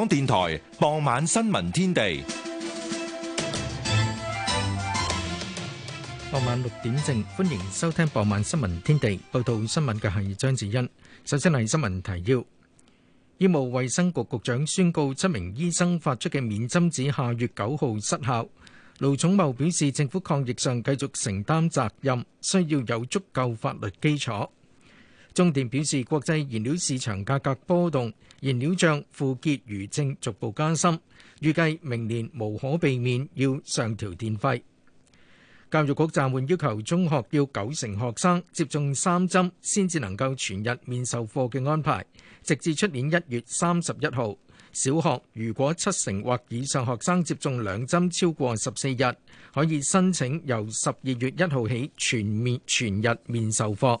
港電台傍晚新聞天地，傍晚六點正，歡迎收聽傍晚新聞天地。報道新聞嘅係張子欣。首先係新聞提要：醫務衛生局局長宣告七名醫生發出嘅免針紙下月九號失效。盧寵茂表示，政府抗疫上繼續承擔責任，需要有足夠法律基礎。中電表示，國際燃料市場價格波動，燃料漲，負結餘正逐步加深，預計明年無可避免要上調電費。教育局暫緩要求中學要九成學生接種三針先至能夠全日面授課嘅安排，直至出年一月三十一號。小學如果七成或以上學生接種兩針超過十四日，可以申請由十二月一號起全面全日面授課。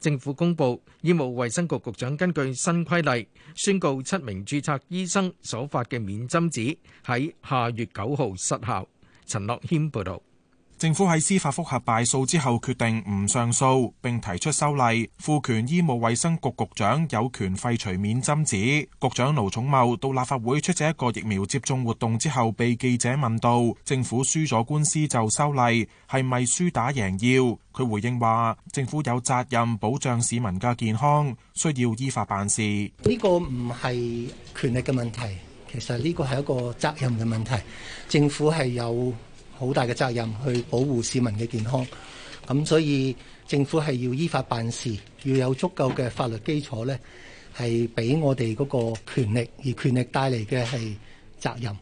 政府公布，醫務衛生局局長根據新規例，宣告，七名註冊醫生所發嘅免針紙喺下月九號失效。陳樂謙報道。政府喺司法覆核敗訴之後，決定唔上訴，並提出修例。賦權醫務衛生局局長有權廢除免針紙。局長盧寵茂到立法會出席一個疫苗接種活動之後，被記者問到：政府輸咗官司就修例，係咪輸打贏要？佢回應話：政府有責任保障市民嘅健康，需要依法辦事。呢個唔係權力嘅問題，其實呢個係一個責任嘅問題。政府係有好大嘅責任去保護市民嘅健康，咁所以政府係要依法辦事，要有足夠嘅法律基礎咧，係俾我哋嗰個權力，而權力帶嚟嘅係責任。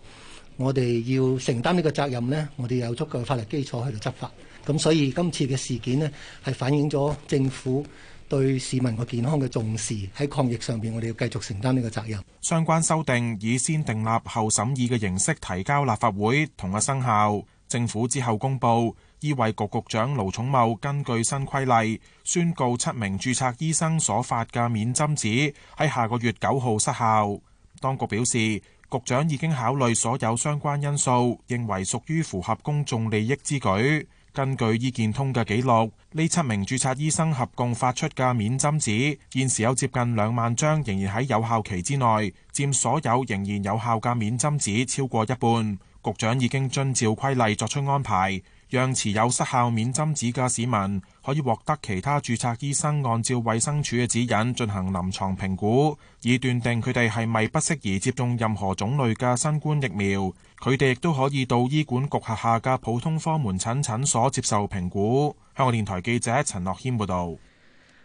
我哋要承擔呢個責任咧，我哋有足夠嘅法律基礎去到執法。咁所以今次嘅事件咧，係反映咗政府對市民個健康嘅重視，喺抗疫上邊，我哋要繼續承擔呢個責任。相關修訂以先訂立後審議嘅形式提交立法會同埋生效。政府之後公佈，醫衞局局長盧寵茂根據新規例宣告七名註冊醫生所發嘅免針紙喺下個月九號失效。當局表示，局長已經考慮所有相關因素，認為屬於符合公眾利益之舉。根據醫健通嘅記錄，呢七名註冊醫生合共發出嘅免針紙，現時有接近兩萬張，仍然喺有效期之內，佔所有仍然有效嘅免針紙超過一半。局長已經遵照規例作出安排，讓持有失效免針紙嘅市民可以獲得其他注冊醫生按照衛生署嘅指引進行臨床評估，以斷定佢哋係咪不適宜接種任何種類嘅新冠疫苗。佢哋亦都可以到醫管局轄下嘅普通科門診診所接受評估。香港電台記者陳樂謙報道。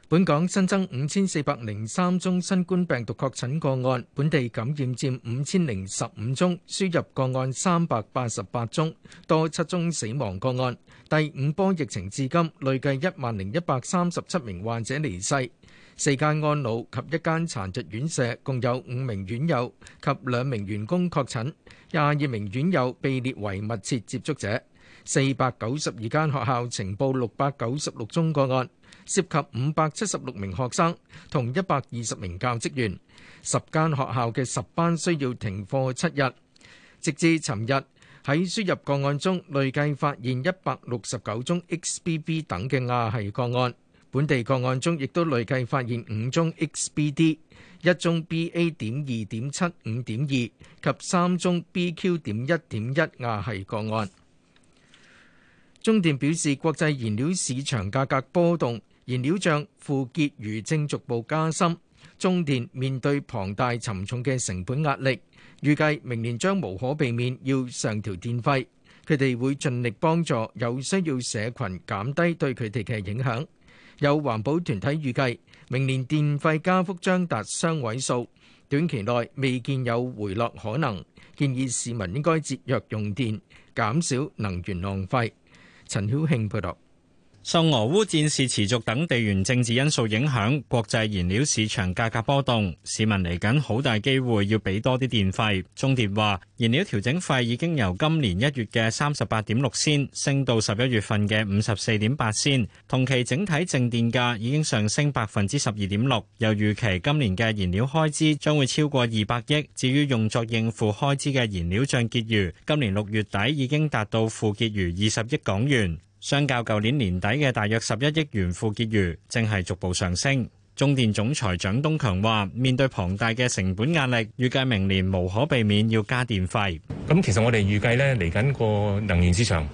本港新增五千四百零三宗新冠病毒確診個案，本地感染佔五千零十五宗，輸入個案三百八十八宗，多七宗死亡個案。第五波疫情至今累計一萬零一百三十七名患者離世。四間安老及一間殘疾院舍共有五名院友及兩名員工確診，廿二名院友被列為密切接觸者。四百九十二間學校呈報六百九十六宗個案。涉及五百七十六名學生，同一百二十名教職員，十間學校嘅十班需要停課七日。直至尋日，喺輸入個案中累計發現一百六十九宗 XBB 等嘅亞系個案，本地個案中亦都累計發現五宗 XBD、一宗 BA. 點二點七五點二及三宗 BQ. 點一點一亞系個案。中電表示，國際燃料市場價格波動。燃料漲、負結餘正逐步加深，中電面對龐大沉重嘅成本壓力，預計明年將無可避免要上調電費。佢哋會盡力幫助有需要社群減低對佢哋嘅影響。有環保團體預計，明年電費加幅將達雙位數，短期內未見有回落可能。建議市民應該節約用電，減少能源浪費。陳曉慶配讀。受俄烏戰事持續等地緣政治因素影響，國際燃料市場價格波動，市民嚟緊好大機會要俾多啲電費。中電話燃料調整費已經由今年一月嘅三十八點六仙升到十一月份嘅五十四點八仙，同期整體淨電價已經上升百分之十二點六。又預期今年嘅燃料開支將會超過二百億。至於用作應付開支嘅燃料賬結餘，今年六月底已經達到負結餘二十億港元。相較舊年年底嘅大約十一億元負結餘，正係逐步上升。中電總裁蔣東強話：面對龐大嘅成本壓力，預計明年無可避免要加電費。咁其實我哋預計呢，嚟緊個能源市場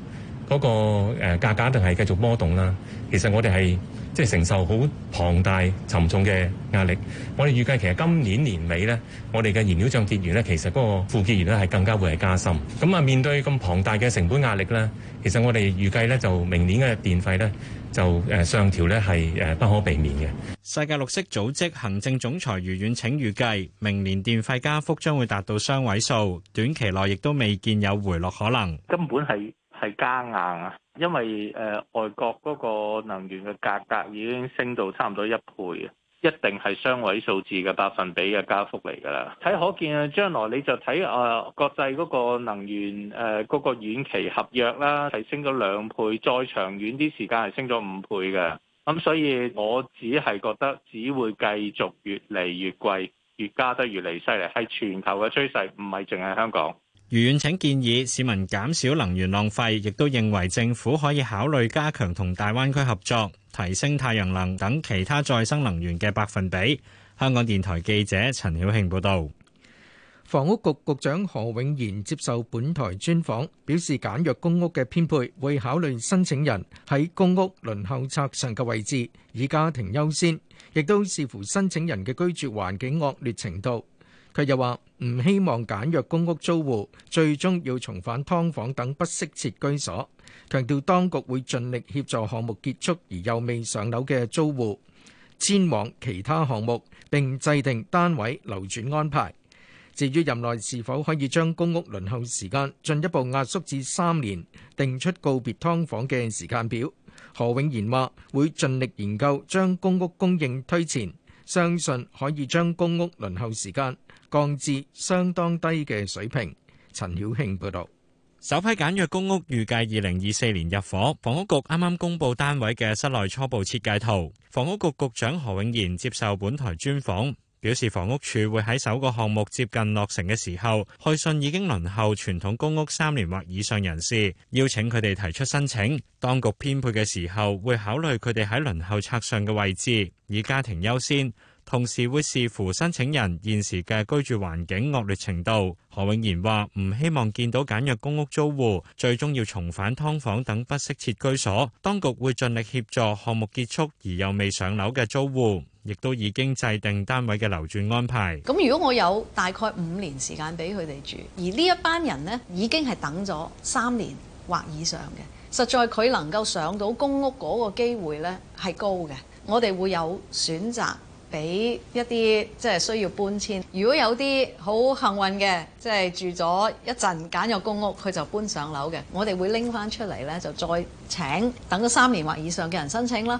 嗰個誒價格，定係繼續波動啦。其實我哋係。即係承受好龐大沉重嘅壓力，我哋預計其實今年年尾咧，我哋嘅燃料賬結餘咧，其實嗰個負結餘咧係更加會係加深。咁啊，面對咁龐大嘅成本壓力咧，其實我哋預計咧就明年嘅電費咧就誒上調咧係誒不可避免嘅。世界綠色組織行政總裁余遠騁預計明年電費加幅將會達到雙位數，短期內亦都未見有回落可能。根本係。係加硬啊，因為誒、呃、外國嗰個能源嘅價格，格已經升到差唔多一倍啊，一定係雙位數字嘅百分比嘅加幅嚟噶啦。睇可見啊，將來你就睇啊、呃、國際嗰個能源誒嗰、呃嗰個遠期合約啦，係升咗兩倍，再長遠啲時間係升咗五倍嘅。咁所以我只係覺得只會繼續越嚟越貴，越加得越嚟犀利，係全球嘅趨勢，唔係淨係香港。如願請建議市民減少能源浪費，亦都認為政府可以考慮加強同大灣區合作，提升太陽能等其他再生能源嘅百分比。香港電台記者陳曉慶報導。房屋局局長何永賢接受本台專訪，表示簡約公屋嘅編配會考慮申請人喺公屋輪候冊上嘅位置，以家庭優先，亦都視乎申請人嘅居住環境惡劣程度。佢又話：唔希望簡約公屋租戶最終要重返劏房等不適切居所，強調當局會盡力協助項目結束而又未上樓嘅租戶遷往其他項目，並制定單位流轉安排。至於任內是否可以將公屋輪候時間進一步壓縮至三年，定出告別劏房嘅時間表，何永賢話會盡力研究將公屋供應推前，相信可以將公屋輪候時間降至相當低嘅水平。陳曉慶報道，首批簡約公屋預計二零二四年入伙。房屋局啱啱公布單位嘅室內初步設計圖。房屋局局長何永賢接受本台專訪，表示房屋署會喺首個項目接近落成嘅時候，去信已經輪候傳統公屋三年或以上人士，邀請佢哋提出申請。當局編配嘅時候會考慮佢哋喺輪候冊上嘅位置，以家庭優先。同時會視乎申請人現時嘅居住環境惡劣程度。何永賢話：唔希望見到簡約公屋租戶最終要重返劏房等不適切居所。當局會盡力協助項目結束而又未上樓嘅租戶，亦都已經制定單位嘅流轉安排。咁如果我有大概五年時間俾佢哋住，而呢一班人呢已經係等咗三年或以上嘅，實在佢能夠上到公屋嗰個機會呢係高嘅。我哋會有選擇。俾一啲即係需要搬遷，如果有啲好幸運嘅，即係住咗一陣揀入公屋，佢就搬上樓嘅。我哋會拎翻出嚟呢，就再請等咗三年或以上嘅人申請啦。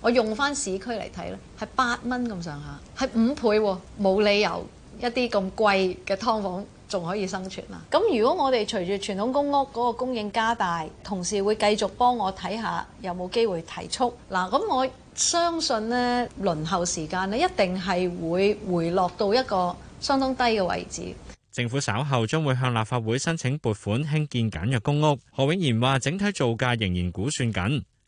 我用翻市區嚟睇咧，係八蚊咁上下，係五倍，冇理由一啲咁貴嘅劏房仲可以生存喇！咁如果我哋隨住傳統公屋嗰個供應加大，同事會繼續幫我睇下有冇機會提速嗱。咁我相信咧，輪候時間咧一定係會回落到一個相當低嘅位置。政府稍後將會向立法會申請撥款興建簡約公屋。何永賢話：整體造價仍然估算緊。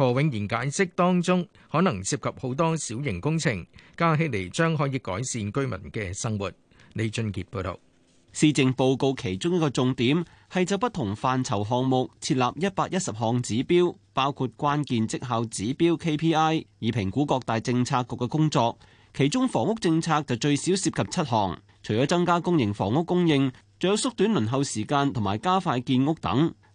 何永賢解釋，當中可能涉及好多小型工程，加起嚟將可以改善居民嘅生活。李俊傑報道，施政報告其中一個重點係就不同範疇項目設立一百一十項指標，包括關鍵績效指標 KPI，以評估各大政策局嘅工作。其中房屋政策就最少涉及七項，除咗增加公營房屋供應，仲有縮短輪候時間同埋加快建屋等。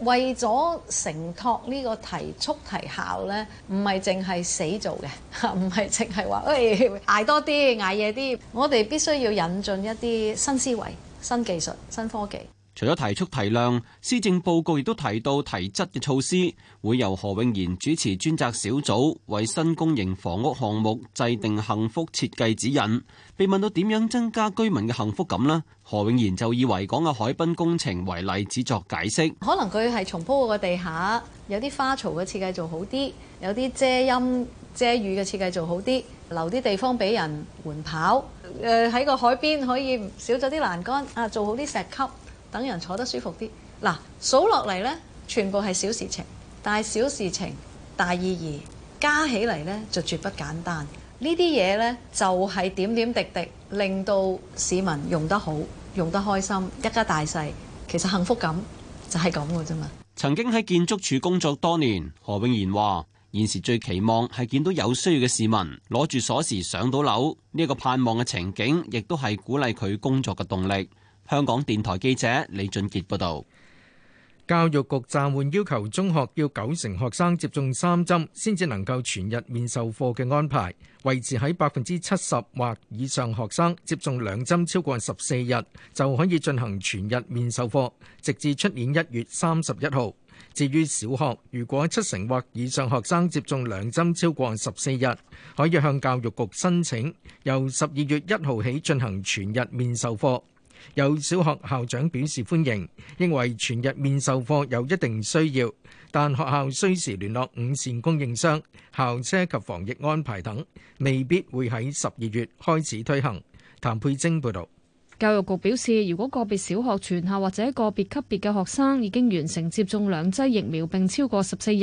為咗承托呢個提速提效呢，唔係淨係死做嘅，唔係淨係話，誒捱多啲，捱夜啲，我哋必須要引進一啲新思維、新技術、新科技。除咗提速提量，施政報告亦都提到提質嘅措施，會由何永賢主持專責小組，為新公營房屋項目制定幸福設計指引。被問到點樣增加居民嘅幸福感咧，何永賢就以維港嘅海濱工程為例子作解釋，可能佢係重鋪個地下，有啲花槽嘅設計做好啲，有啲遮陰遮雨嘅設計做好啲，留啲地方俾人緩跑。誒、呃，喺個海邊可以少咗啲欄杆，啊做好啲石級。等人坐得舒服啲，嗱數落嚟咧，全部係小事情，但係小事情大意義加起嚟咧，就絕不簡單。呢啲嘢咧就係點點滴滴，令到市民用得好、用得開心，一家大細其實幸福感就係咁嘅啫嘛。曾經喺建築署工作多年，何永賢話：現時最期望係見到有需要嘅市民攞住鎖匙上到樓，呢一個盼望嘅情景，亦都係鼓勵佢工作嘅動力。香港電台記者李俊杰報道，教育局暫緩要求中學要九成學生接種三針，先至能夠全日面授課嘅安排，維持喺百分之七十或以上學生接種兩針超過十四日就可以進行全日面授課，直至出年一月三十一號。至於小學，如果七成或以上學生接種兩針超過十四日，可以向教育局申請由十二月一號起進行全日面授課。有小學校長表示歡迎，認為全日面授課有一定需要，但學校需時聯絡午膳供應商、校車及防疫安排等，未必會喺十二月開始推行。譚佩晶報道。教育局表示，如果個別小學全校或者個別級別嘅學生已經完成接種兩劑疫苗並超過十四日，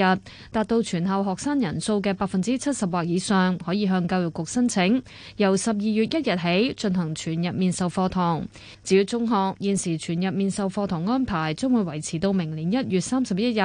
達到全校學生人數嘅百分之七十或以上，可以向教育局申請由十二月一日起進行全日面授課堂。至於中學現時全日面授課堂安排將會維持到明年一月三十一日。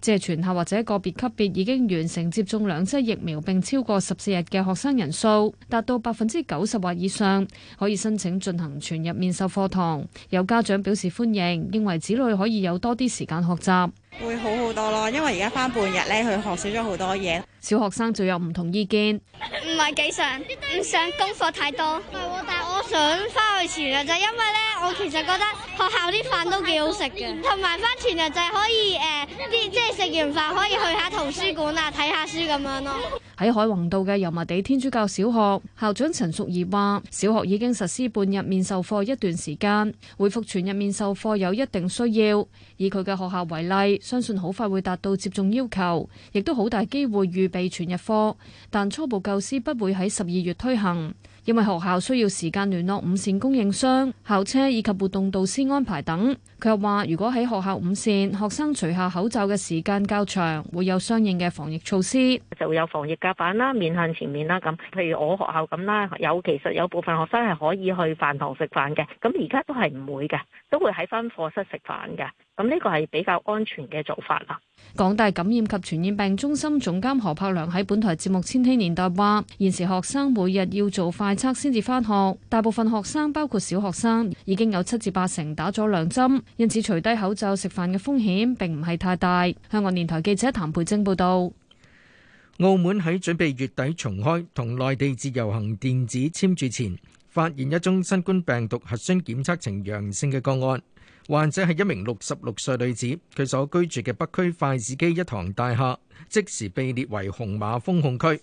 即係全校或者個別級別已經完成接種兩劑疫苗並超過十四日嘅學生人數達到百分之九十或以上，可以申請進行全日。面授課堂，有家長表示歡迎，認為子女可以有多啲時間學習，會好好多咯。因為而家翻半日咧，佢學少咗好多嘢。小學生就有唔同意見，唔係幾想，唔想功課太多。唔係喎，但係我想翻去全日就因為咧，我其實覺得學校啲飯都幾好食嘅，同埋翻全日就係可以誒，啲、呃、即係食完飯可以去下圖書館啊，睇下書咁樣咯。喺海泓道嘅油麻地天主教小學校長陳淑儀話，小學已經實施半日面授課一段時間，回復全日面授課有一定需要。以佢嘅學校為例，相信好快會達到接種要求，亦都好大機會預備全日課。但初步教師不會喺十二月推行，因為學校需要時間聯絡午膳供應商、校車以及活動導師安排等。佢又話：如果喺學校午膳，學生除下口罩嘅時間較長，會有相應嘅防疫措施，就會有防疫隔板啦、面向前面啦咁。譬如我學校咁啦，有其實有部分學生係可以去飯堂食飯嘅，咁而家都係唔會嘅，都會喺返課室食飯嘅。咁呢個係比較安全嘅做法啦。港大感染及傳染病中心總監何柏良喺本台節目《千禧年代》話：現時學生每日要做快測先至返學，大部分學生包括小學生已經有七至八成打咗兩針。因此，除低口罩食飯嘅風險並唔係太大。香港電台記者譚培晶報道。澳門喺準備月底重開同內地自由行電子簽注前，發現一宗新冠病毒核酸檢測呈陽性嘅個案，患者係一名六十六歲女子，佢所居住嘅北區筷子基一堂大廈，即時被列為紅碼封控區。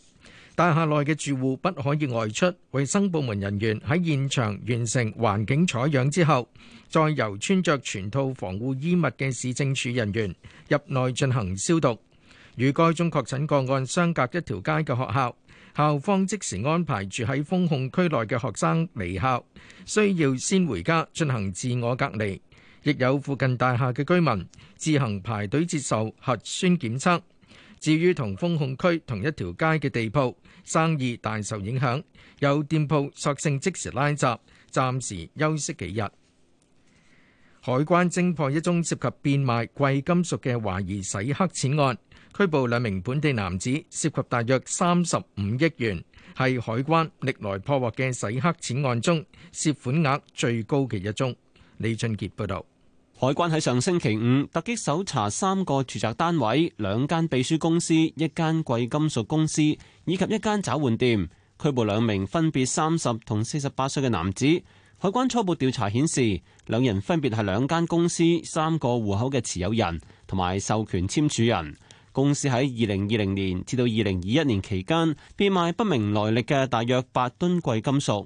大廈內嘅住戶不可以外出，衛生部門人員喺現場完成環境採樣之後，再由穿着全套防護衣物嘅市政署人員入內進行消毒。與該宗確診個案相隔一條街嘅學校，校方即時安排住喺封控區內嘅學生離校，需要先回家進行自我隔離。亦有附近大廈嘅居民自行排隊接受核酸檢測。至於同封控區同一條街嘅地鋪，生意大受影響，有店鋪索性即時拉閘，暫時休息幾日。海關偵破一宗涉及變賣貴金屬嘅懷疑洗黑錢案，拘捕兩名本地男子，涉及大約三十五億元，係海關歷來破獲嘅洗黑錢案中涉款額最高嘅一宗。李俊傑報道。海關喺上星期五突擊搜查三個住宅單位、兩間秘書公司、一間貴金屬公司以及一間找換店，拘捕兩名分別三十同四十八歲嘅男子。海關初步調查顯示，兩人分別係兩間公司三個戶口嘅持有人同埋授權簽署人。公司喺二零二零年至到二零二一年期間，變賣不明來歷嘅大約八噸貴金屬。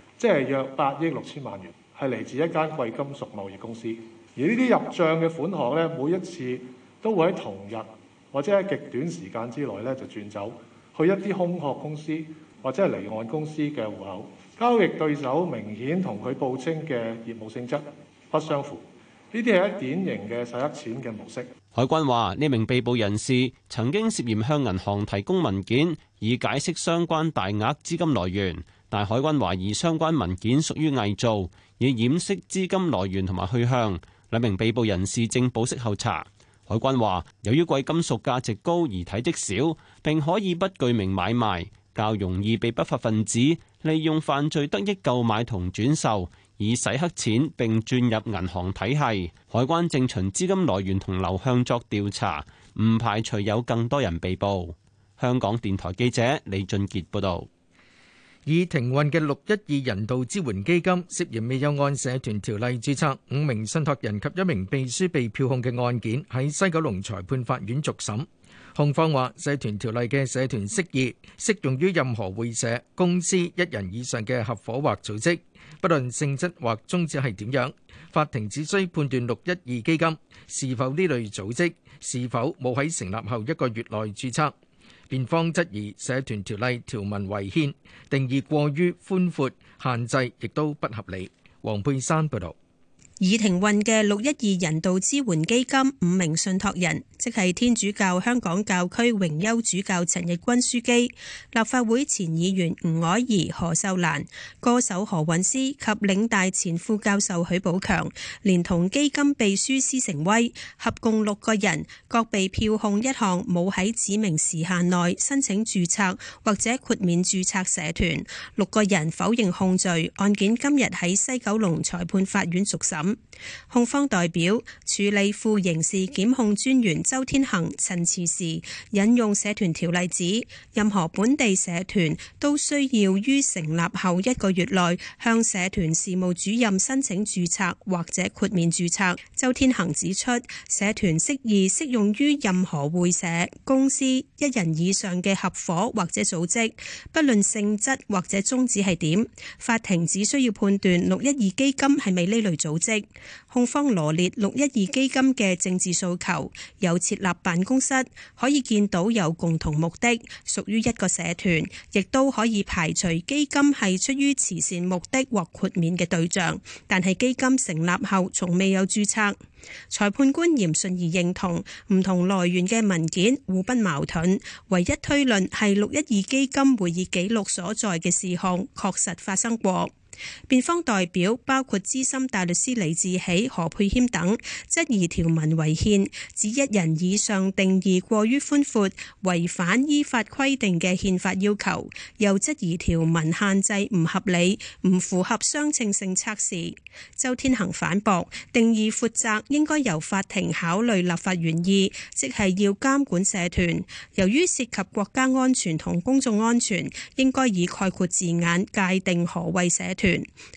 即係約八億六千萬元，係嚟自一家貴金屬貿易公司。而呢啲入帳嘅款項咧，每一次都會喺同日或者喺極短時間之內咧就轉走去一啲空殼公司或者係離岸公司嘅戶口。交易對手明顯同佢報稱嘅業務性質不相符。呢啲係一典型嘅洗黑錢嘅模式。海關話：呢名被捕人士曾經涉嫌向銀行提供文件，以解釋相關大額資金來源。但海關懷疑相關文件屬於偽造，以掩飾資金來源同埋去向。兩名被捕人士正保釋候查。海關話，由於貴金屬價值高而體積小，並可以不具名買賣，較容易被不法分子利用犯罪得益購買同轉售，以洗黑錢並轉入銀行體系。海關正循資金來源同流向作調查，唔排除有更多人被捕。香港電台記者李俊杰報道。以停運嘅六一二人道支援基金涉嫌未有按社團條例註冊，五名信託人及一名秘書被票控嘅案件，喺西九龍裁判法院續審。控方話，社團條例嘅社團釋義適用於任何會社、公司、一人以上嘅合伙或組織，不論性質或宗旨係點樣。法庭只需判斷六一二基金是否呢類組織，是否冇喺成立後一個月內註冊。辯方質疑社團條例條文違憲，定義過於寬闊，限制亦都不合理。黃佩珊報道。已停運嘅六一二人道支援基金五名信託人，即係天主教香港教區榮休主教陳日君樞機、立法會前議員吳靄儀、何秀蘭、歌手何韻詩及領大前副教授許寶強，連同基金秘書施成威，合共六個人，各被票控一項冇喺指明時限內申請注冊或者豁免注冊社團。六個人否認控罪，案件今日喺西九龍裁判法院續審。控方代表、助理副刑事檢控專員周天恒陳詞時引用社團條例指，任何本地社團都需要於成立後一個月內向社團事務主任申請註冊或者豁免註冊。周天恒指出，社團適宜適用於任何會社、公司、一人以上嘅合夥或者組織，不論性質或者宗旨係點。法庭只需要判斷六一二基金係咪呢類組織。控方羅列六一二基金嘅政治訴求，有設立辦公室，可以見到有共同目的，屬於一個社團，亦都可以排除基金係出於慈善目的或豁免嘅對象。但係基金成立後從未有註冊。裁判官嚴舜儀認同，唔同來源嘅文件互不矛盾，唯一推論係六一二基金會議記錄所在嘅事項確實發生過。辯方代表包括資深大律師李志喜、何佩謙等，質疑條文違憲，指一人以上定義過於寬闊，違反依法規定嘅憲法要求；又質疑條文限制唔合理，唔符合相稱性測試。周天恒反駁，定義闊窄應該由法庭考慮立法原意，即係要監管社團。由於涉及國家安全同公眾安全，應該以概括字眼界定何謂社團。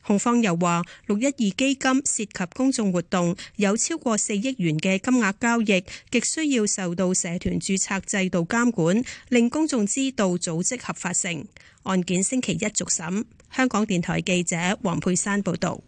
控方又話，六一二基金涉及公眾活動，有超過四億元嘅金額交易，極需要受到社團注冊制度監管，令公眾知道組織合法性。案件星期一續審。香港電台記者黃佩珊報道。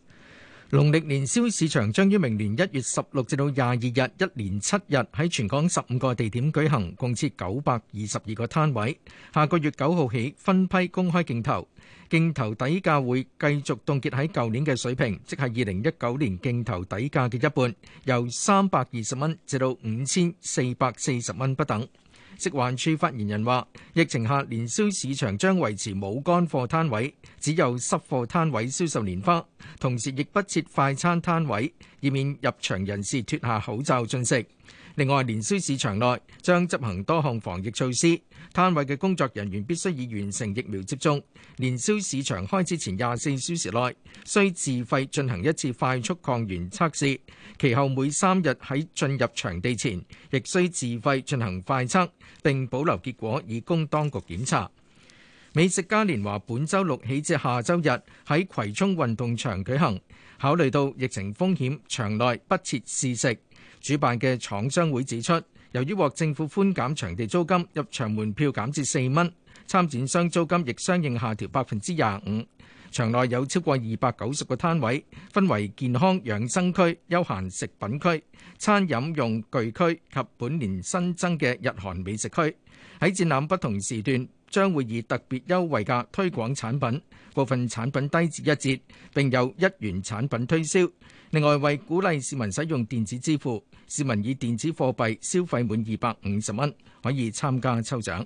農曆年宵市場將於明年一月十六至到廿二日，一連七日喺全港十五個地點舉行，共設九百二十二個攤位。下個月九號起分批公開競投，競投底價會繼續凍結喺舊年嘅水平，即係二零一九年競投底價嘅一半，由三百二十蚊至到五千四百四十蚊不等。食環處發言人話，疫情下，年宵市場將維持冇乾貨攤位，只有濕貨攤位銷售年花，同時亦不設快餐攤位，以免入場人士脫下口罩進食。另外，年宵市場內將執行多項防疫措施，攤位嘅工作人員必須已完成疫苗接種。年宵市場開始前廿四小時內，需自費進行一次快速抗原測試，其後每三日喺進入場地前，亦需自費進行快測，並保留結果以供當局檢查。美食嘉年華本周六起至下周日喺葵涌運動場舉行，考慮到疫情風險，場內不設試食。主辦嘅廠商會指出，由於獲政府寬減場地租金，入場門票減至四蚊，參展商租金亦相應下調百分之廿五。場內有超過二百九十個攤位，分為健康養生區、休閒食品區、餐飲用具區及本年新增嘅日韓美食區。喺展覽不同時段，將會以特別優惠價推廣產品，部分產品低至一折，並有一元產品推銷。另外，為鼓勵市民使用電子支付，市民以電子貨幣消費滿二百五十蚊可以參加抽獎。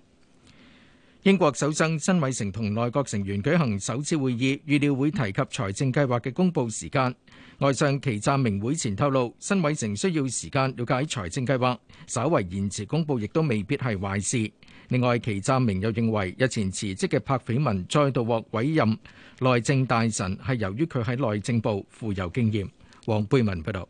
英國首相辛偉誠同內閣成員舉行首次會議，預料會提及財政計劃嘅公佈時間。外相祁湛明會前透露，辛偉誠需要時間了解財政計劃，稍為延遲公佈亦都未必係壞事。另外，祁湛明又認為日前辭職嘅柏斐文再度獲委任內政大臣，係由於佢喺內政部富有經驗。黃貝文報道，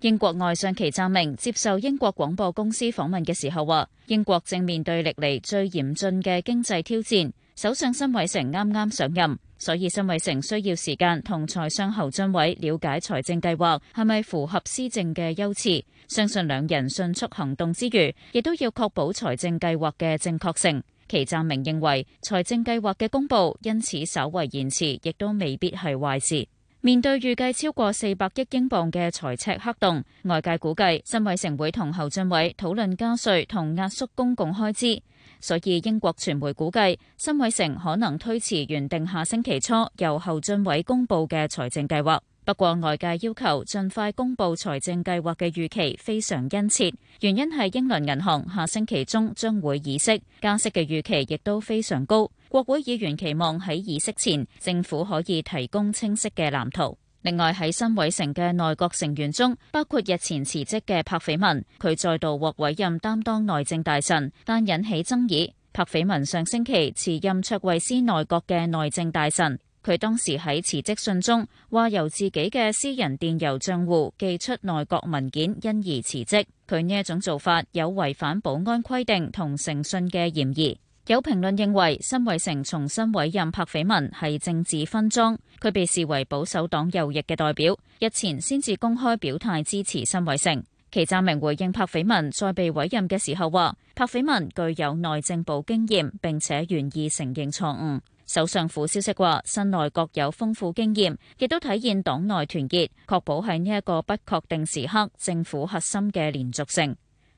英國外相祁贊明接受英國廣播公司訪問嘅時候話，英國正面對歷嚟最嚴峻嘅經濟挑戰。首相辛偉誠啱啱上任，所以辛偉誠需要時間同財商侯俊偉了解財政計劃係咪符合施政嘅優次。相信兩人迅速行動之餘，亦都要確保財政計劃嘅正確性。祁贊明認為，財政計劃嘅公布因此稍為延遲，亦都未必係壞事。面對預計超過四百億英鎊嘅財赤黑洞，外界估計辛偉誠會同侯俊偉討論加稅同壓縮公共開支，所以英國傳媒估計辛偉誠可能推遲原定下星期初由侯俊偉公布嘅財政計劃。不過外界要求盡快公布財政計劃嘅預期非常殷切，原因係英倫銀行下星期中將會議息，加息嘅預期亦都非常高。國會議員期望喺儀式前，政府可以提供清晰嘅藍圖。另外，喺新委成嘅內閣成員中，包括日前辭職嘅柏斐文，佢再度獲委任擔當內政大臣，但引起爭議。柏斐文上星期辭任卓慧斯內閣嘅內政大臣，佢當時喺辭職信中話由自己嘅私人電郵帳戶寄出內閣文件，因而辭職。佢呢一種做法有違反保安規定同誠信嘅嫌疑。有評論認為，辛偉誠重新委任柏斐文係政治分贓。佢被視為保守黨右翼嘅代表，日前先至公開表態支持辛偉誠。其暫明回應柏斐文再被委任嘅時候話，柏斐文具有內政部經驗，並且願意承認錯誤。首相府消息話，新內閣有豐富經驗，亦都體現黨內團結，確保喺呢一個不確定時刻政府核心嘅連續性。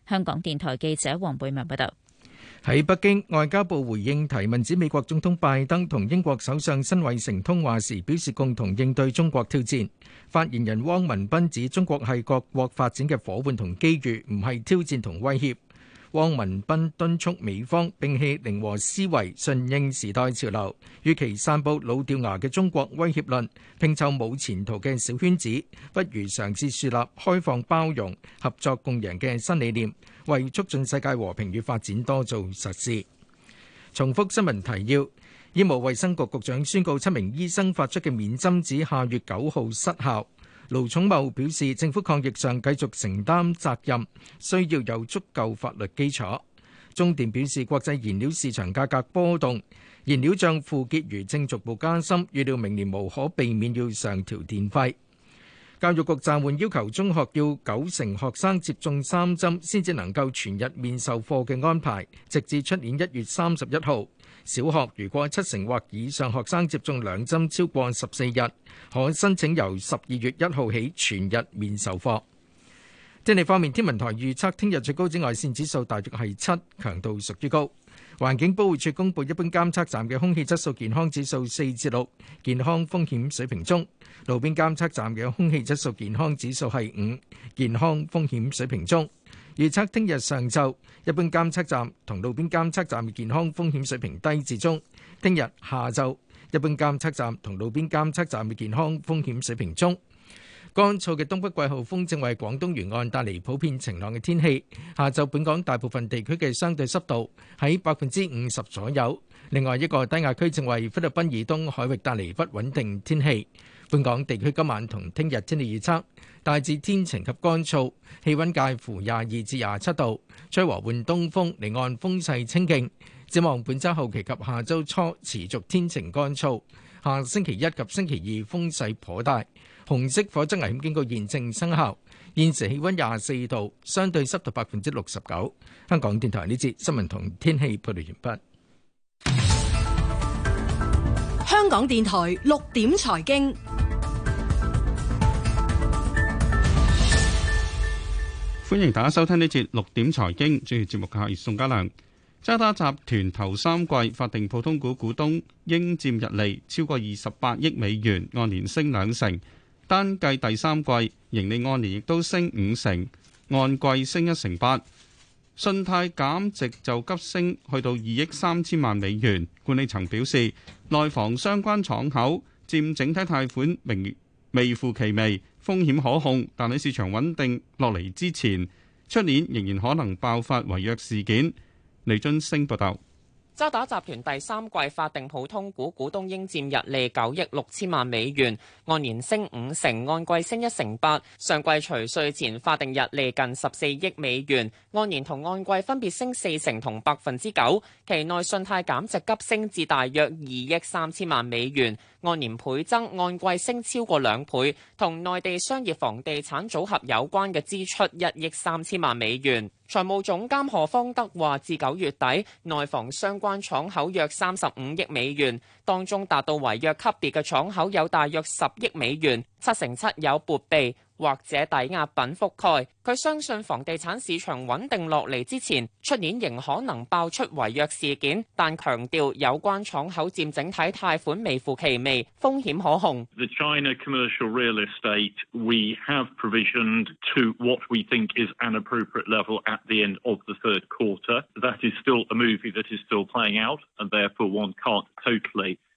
香港電台記者黃貝文報道。喺北京，外交部回應提問指，美國總統拜登同英國首相辛偉誠通話時表示，共同應對中國挑戰。發言人汪文斌指，中國係各國發展嘅伙伴同機遇，唔係挑戰同威脅。汪文斌敦促美方摒棄零和思維，順應時代潮流，與其散佈老掉牙嘅中國威脅論，拼湊冇前途嘅小圈子，不如嘗試樹立開放包容、合作共贏嘅新理念，為促進世界和平與發展多做實事。重複新聞提要：醫務衛生局局長宣告七名醫生發出嘅免針紙下月九號失效。盧寵茂表示，政府抗疫上繼續承擔責任，需要有足夠法律基礎。中電表示，國際燃料市場價格波動，燃料賬負結餘正逐步加深，預料明年無可避免要上調電費。教育局暫緩要求中學要九成學生接種三針，先至能夠全日面授課嘅安排，直至出年一月三十一號。小學如果七成或以上學生接種兩針超過十四日，可申請由十二月一號起全日免授課。天氣方面，天文台預測聽日最高紫外線指數大約係七，強度屬於高。環境保護署公佈一般監測站嘅空氣質素健康指數四至六，健康風險水平中；路邊監測站嘅空氣質素健康指數係五，健康風險水平中。預測聽日上晝，一般監測站同路邊監測站嘅健康風險水平低至中；聽日下晝，一般監測站同路邊監測站嘅健康風險水平中。乾燥嘅東北季候風正為廣東沿岸帶嚟普遍晴朗嘅天氣。下晝本港大部分地區嘅相對濕度喺百分之五十左右。另外一個低壓區正為菲律賓以東海域帶嚟不穩定天氣。本港地區今晚同聽日天氣預測大致天晴及乾燥，氣温介乎廿二至廿七度，吹和緩東風，離岸風勢清勁。展望本週後期及下週初持續天晴乾燥，下星期一及星期二風勢頗大。紅色火災危險警告現正生效。現時氣温廿四度，相對濕度百分之六十九。香港電台呢節新聞同天氣報道完畢。香港電台六點財經。歡迎大家收聽呢節六點財經，主持節目嘅係宋家良。渣打集團頭三季法定普通股股東應占溢利超過二十八億美元，按年升兩成，單計第三季盈利按年亦都升五成，按季升一成八。信貸減值就急升去到二億三千萬美元，管理層表示內房相關敞口占整體貸款明。微乎其微，風險可控，但喺市場穩定落嚟之前，出年仍然可能爆發違約事件。李俊升報道。渣打集團第三季法定普通股股東應佔溢利九億六千萬美元，按年升五成，按季升一成八。上季除稅前法定溢利近十四億美元，按年同按季分別升四成同百分之九。期內信貸減值急升至大約二億三千萬美元，按年倍增，按季升超過兩倍。同內地商業房地產組合有關嘅支出一億三千萬美元。財務總監何方德話，至九月底，內房相關廠口約三十五億美元，當中達到違約級別嘅廠口有大約十億美元，七成七有撥備。或者抵押品覆蓋，佢相信房地產市場穩定落嚟之前，出年仍可能爆出違約事件，但強調有關廠口佔整體貸款微乎其微，風險可控。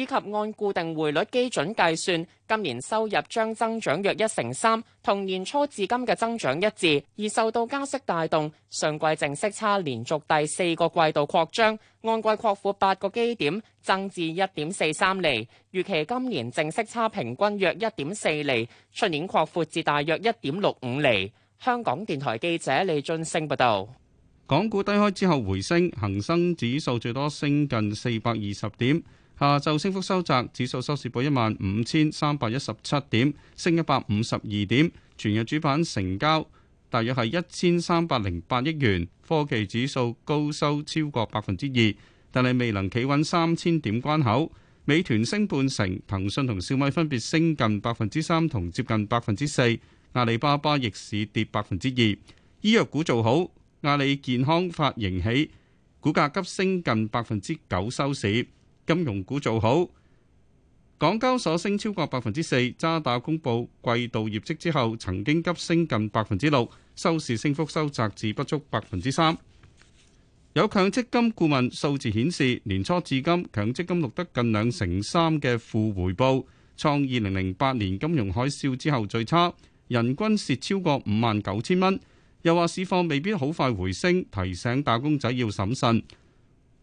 以及按固定匯率基準計算，今年收入將增長約一成三，同年初至今嘅增長一致。而受到加息帶動，上季淨息差連續第四個季度擴張，按季擴闊八個基點，增至一點四三釐。預期今年淨息差平均約一點四釐，出年擴闊至大約一點六五釐。香港電台記者李俊升報道。港股低開之後回升，恆生指數最多升近四百二十點。下晝升幅收窄，指數收市報一萬五千三百一十七點，升一百五十二點。全日主板成交大約係一千三百零八億元。科技指數高收超過百分之二，但係未能企穩三千點關口。美團升半成，騰訊同小米分別升近百分之三同接近百分之四。阿里巴巴逆市跌百分之二。醫藥股做好，阿里健康發盈喜，股價急升近百分之九收市。金融股做好，港交所升超過百分之四。渣打公布季度業績之後曾經急升近百分之六，收市升幅收窄至不足百分之三。有強積金顧問數字顯示，年初至今強積金錄得近兩成三嘅負回報，創二零零八年金融海嘯之後最差，人均蝕超過五萬九千蚊。又話市況未必好快回升，提醒打工仔要審慎。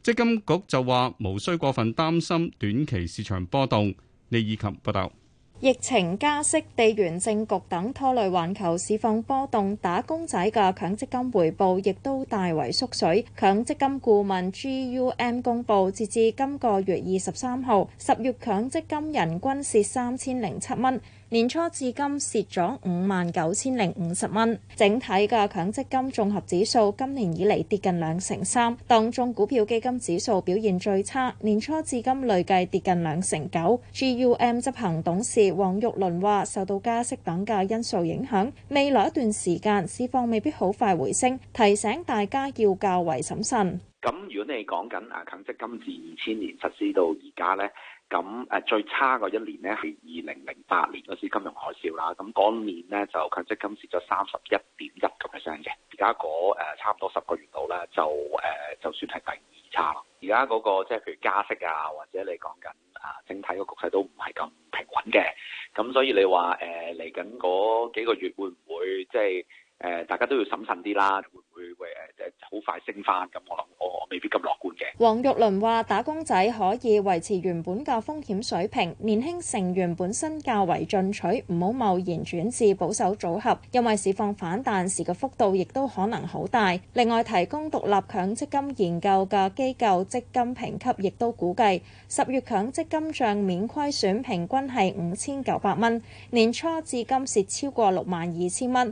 積金局就話，無需過分擔心短期市場波動。李以琴報道，疫情加息、地緣政局等拖累環球市況波動，打工仔嘅強積金回報亦都大為縮水。強積金顧問 GUM 公佈，截至今個月二十三號，十月強積金人均蝕三千零七蚊。年初至今蝕咗五萬九千零五十蚊，整體嘅強積金綜合指數今年以嚟跌近兩成三，當中股票基金指數表現最差，年初至今累計跌近兩成九。GUM 執行董事黃玉麟話：受到加息等嘅因素影響，未來一段時間市況未必好快回升，提醒大家要較為審慎。咁如果你講緊啊強積金自二千年實施到而家呢？咁誒最差個一年咧係二零零八年嗰時金融海嘯啦，咁嗰年咧就強積金跌咗三十一點一個 percent 嘅，而家嗰差唔多十個月度咧就誒就算係第二差啦。而家嗰個即係譬如加息啊，或者你講緊啊整體個局勢都唔係咁平穩嘅，咁所以你話誒嚟緊嗰幾個月會唔會即係？誒，大家都要審慎啲啦，會唔會誒誒好快升翻？咁我諗我我未必咁樂觀嘅。黃玉麟話：打工仔可以維持原本嘅風險水平，年輕成員本身較為進取，唔好貿然轉至保守組合，因為市況反彈時嘅幅度亦都可能好大。另外，提供獨立強積金研究嘅機構積金評級亦都估計，十月強積金帳面虧損平均係五千九百蚊，年初至今蝕超過六萬二千蚊。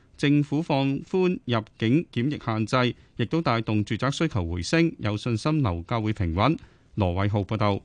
政府放寬入境檢疫限制，亦都帶動住宅需求回升，有信心樓價會平穩，羅偉浩報道。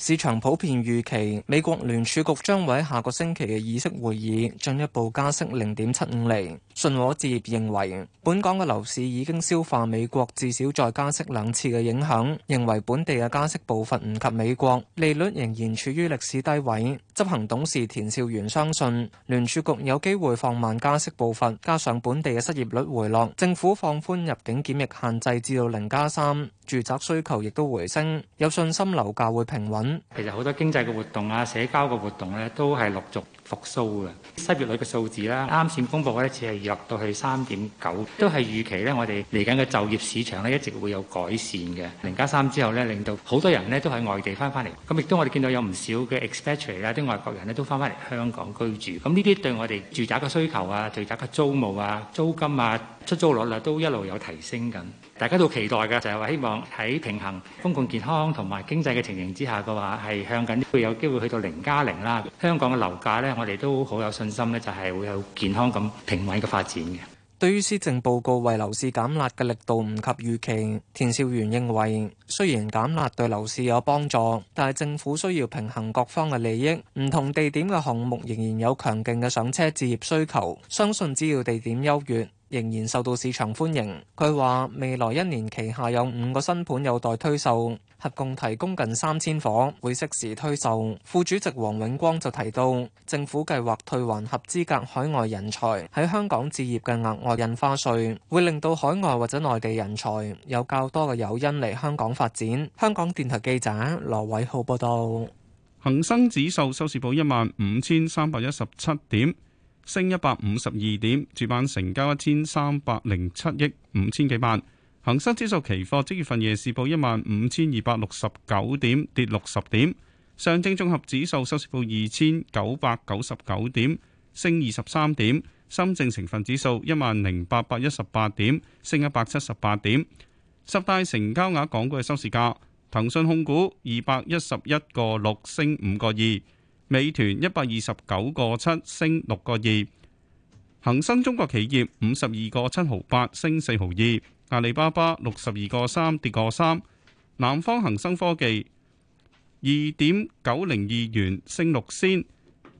市場普遍預期美國聯儲局將會喺下個星期嘅議息會議進一步加息零點七五厘。信和置業認為本港嘅樓市已經消化美國至少再加息兩次嘅影響，認為本地嘅加息步伐唔及美國，利率仍然處於歷史低位。執行董事田兆源相信，聯儲局有機會放慢加息步伐，加上本地嘅失業率回落，政府放寬入境檢疫限制至到零加三，3，住宅需求亦都回升，有信心樓價會平穩。其實好多經濟嘅活動啊、社交嘅活動咧，都係陸續復甦嘅。失業率嘅數字啦、啊，啱先公布嘅一次係落到去三點九，都係預期咧，我哋嚟緊嘅就業市場咧一直會有改善嘅。零加三之後咧，令到好多人咧都喺外地翻返嚟，咁亦都我哋見到有唔少嘅 expatriate 啦，啲外國人咧都翻返嚟香港居住，咁呢啲對我哋住宅嘅需求啊、住宅嘅租務啊、租金啊。出租率啦，都一路有提升緊。大家都期待嘅就係話，希望喺平衡公共健康同埋經濟嘅情形之下嘅話，係向緊會有機會去到零加零啦。香港嘅樓價呢，我哋都好有信心呢就係會有健康咁平穩嘅發展嘅。對於施政報告為樓市減辣嘅力度唔及預期，田少元認為雖然減辣對樓市有幫助，但係政府需要平衡各方嘅利益。唔同地點嘅項目仍然有強勁嘅上車置業需求，相信只要地點優越。仍然受到市場歡迎。佢話未來一年旗下有五個新盤有待推售，合共提供近三千伙，會適時推售。副主席黃永光就提到，政府計劃退還合資格海外人才喺香港置業嘅額外印花稅，會令到海外或者內地人才有較多嘅誘因嚟香港發展。香港電台記者羅偉浩報道。恒生指數收市報一萬五千三百一十七點。升一百五十二點，主板成交一千三百零七億五千幾萬。恒生指數期貨即月份夜市報一萬五千二百六十九點，跌六十點。上證綜合指數收市報二千九百九十九點，升二十三點。深證成分指數一萬零八百一十八點，升一百七十八點。十大成交額港股嘅收市價，騰訊控股二百一十一個六，升五個二。美團一百二十九個七升六個二，恒生中國企業五十二個七毫八升四毫二，阿里巴巴六十二個三跌個三，南方恒生科技二點九零二元升六仙，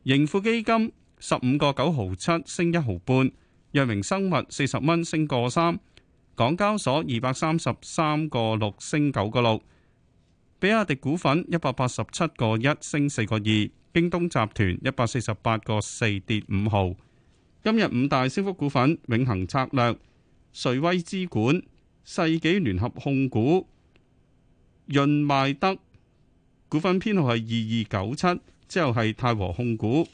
盈富基金十五個九毫七升一毫半，藥明生物四十蚊升個三，港交所二百三十三個六升九個六。比亞迪股份一百八十七個一升四個二，京東集團一百四十八個四跌五毫。今日五大升幅股份：永恒策略、瑞威資管、世紀聯合控股、潤邁德股份編號係二二九七，之後係泰和控股。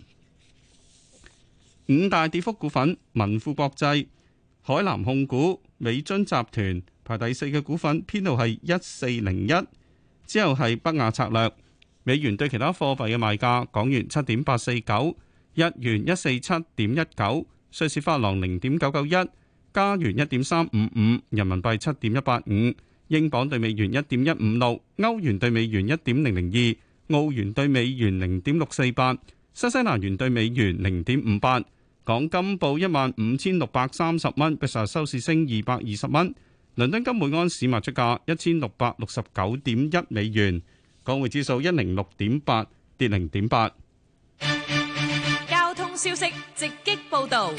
五大跌幅股份：民富國際、海南控股、美津集團排第四嘅股份編號係一四零一。之後係北亞策略，美元對其他貨幣嘅賣價：港元七點八四九，日元一四七點一九，瑞士法郎零點九九一，加元一點三五五，人民幣七點一八五，英鎊對美元一點一五六，歐元對美元一點零零二，澳元對美元零點六四八，新西蘭元對美元零點五八。港金報一萬五千六百三十蚊，比上收市升二百二十蚊。倫敦金每安士賣出價一千六百六十九點一美元，港匯指數一零六點八，跌零點八。交通消息直擊報道。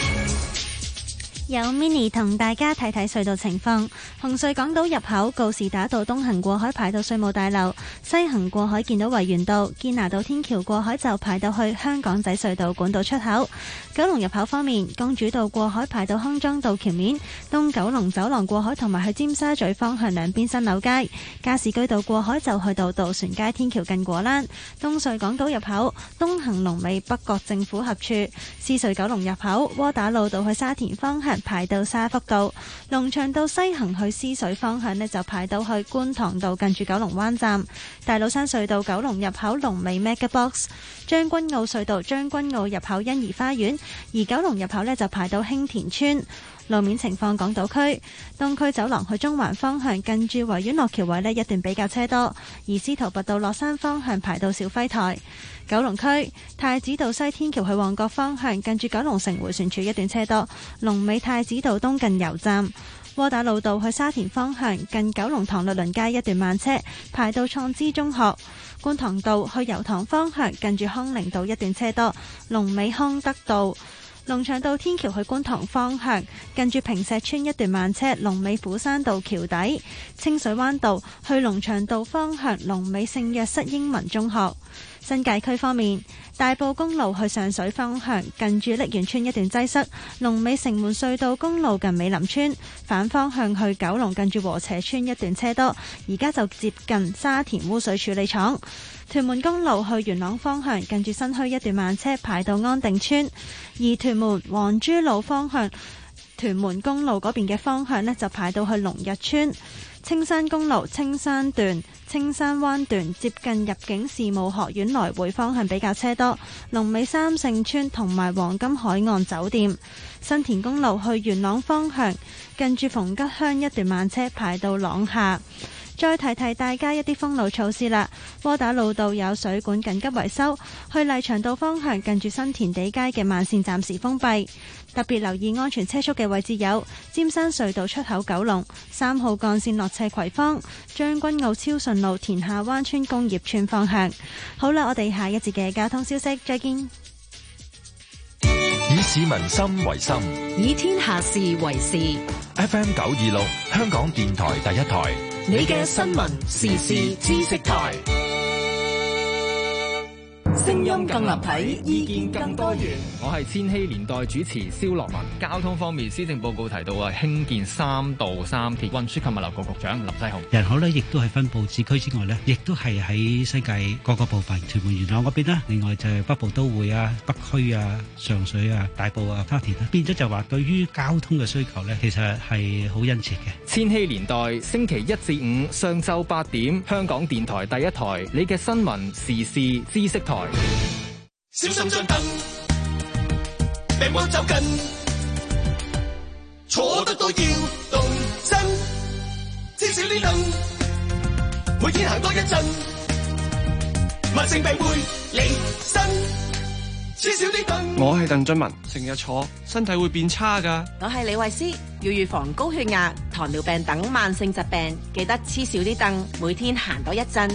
有 mini 同大家睇睇隧道情況。紅隧港島入口告士打道東行過海排到稅務大樓，西行過海見到維園道，堅拿道天橋過海就排到去香港仔隧道管道出口。九龍入口方面，公主道過海排到康莊道橋面，東九龍走廊過海同埋去尖沙咀方向兩邊新樓街，加士居道過海就去到渡船街天橋近果欄。東隧港島入口東行龍尾北角政府合處，獅隧九龍入口窩打路道去沙田方向。排到沙福道，龍翔道西行去獅隧方向呢，就排到去觀塘道近住九龍灣站。大老山隧道九龍入口龍尾 MegaBox。將軍澳隧道將軍澳入口欣怡花園，而九龍入口呢，就排到興田村。路面情況，港島區東區走廊去中環方向，近住維園落橋位咧一段比較車多；而司徒拔道落山方向排到肇輝臺。九龍區太子道西天橋去旺角方向，近住九龍城迴旋處一段車多。龍尾太子道東近油站，窩打老道去沙田方向，近九龍塘律倫街一段慢車排到創知中學。觀塘道去油塘方向，近住康寧道一段車多。龍尾康德道。龍翔道天橋去觀塘方向，近住坪石村一段慢車；龍尾虎山道橋底、清水灣道去龍翔道方向，龍尾聖若瑟英文中學。新界區方面，大埔公路去上水方向近住瀝源村一段擠塞，龍尾城門隧道公路近美林村反方向去九龍近住和斜村一段車多，而家就接近沙田污水處理廠。屯門公路去元朗方向近住新墟一段慢車排到安定村，而屯門黃珠路方向，屯門公路嗰邊嘅方向呢，就排到去龍日村。青山公路青山段。青山灣段接近入境事務學院來回方向比較車多，龍尾三聖村同埋黃金海岸酒店，新田公路去元朗方向近住逢吉鄉一段慢車排到廊下。再提提大家一啲封路措施啦，窩打老道有水管緊急維修，去麗翔道方向近住新填地街嘅慢綫暫時封閉。特別留意安全車速嘅位置有：尖山隧道出口九龍、九龍三號幹線落斜葵芳、將軍澳超順路、田下灣村工業村方向。好啦，我哋下一節嘅交通消息，再見。以市民心為心，以天下事為事。FM 九二六，香港電台第一台，你嘅新聞時事知識台。聲音更立體，意見更多元。我係千禧年代主持蕭樂文。交通方面，施政報告提到啊，興建三度三鐵。運輸及物流局局長林世雄。人口咧，亦都係分布市區之外咧，亦都係喺世界各個部分，屯門元朗嗰邊啦。另外就係北部都會啊、北區啊、上水啊、大埔啊、沙田啊，變咗就話對於交通嘅需求咧，其實係好殷切嘅。千禧年代星期一至五上晝八點，香港電台第一台，你嘅新聞時事知識台。小心張凳，病魔走近，坐得多要動身。黐少啲凳，每天行多一陣。慢性病會離身，黐少啲凳。我係鄧俊文，成日坐，身體會變差㗎。我係李慧詩，要預防高血壓、糖尿病等慢性疾病，記得黐少啲凳，每天行多一陣。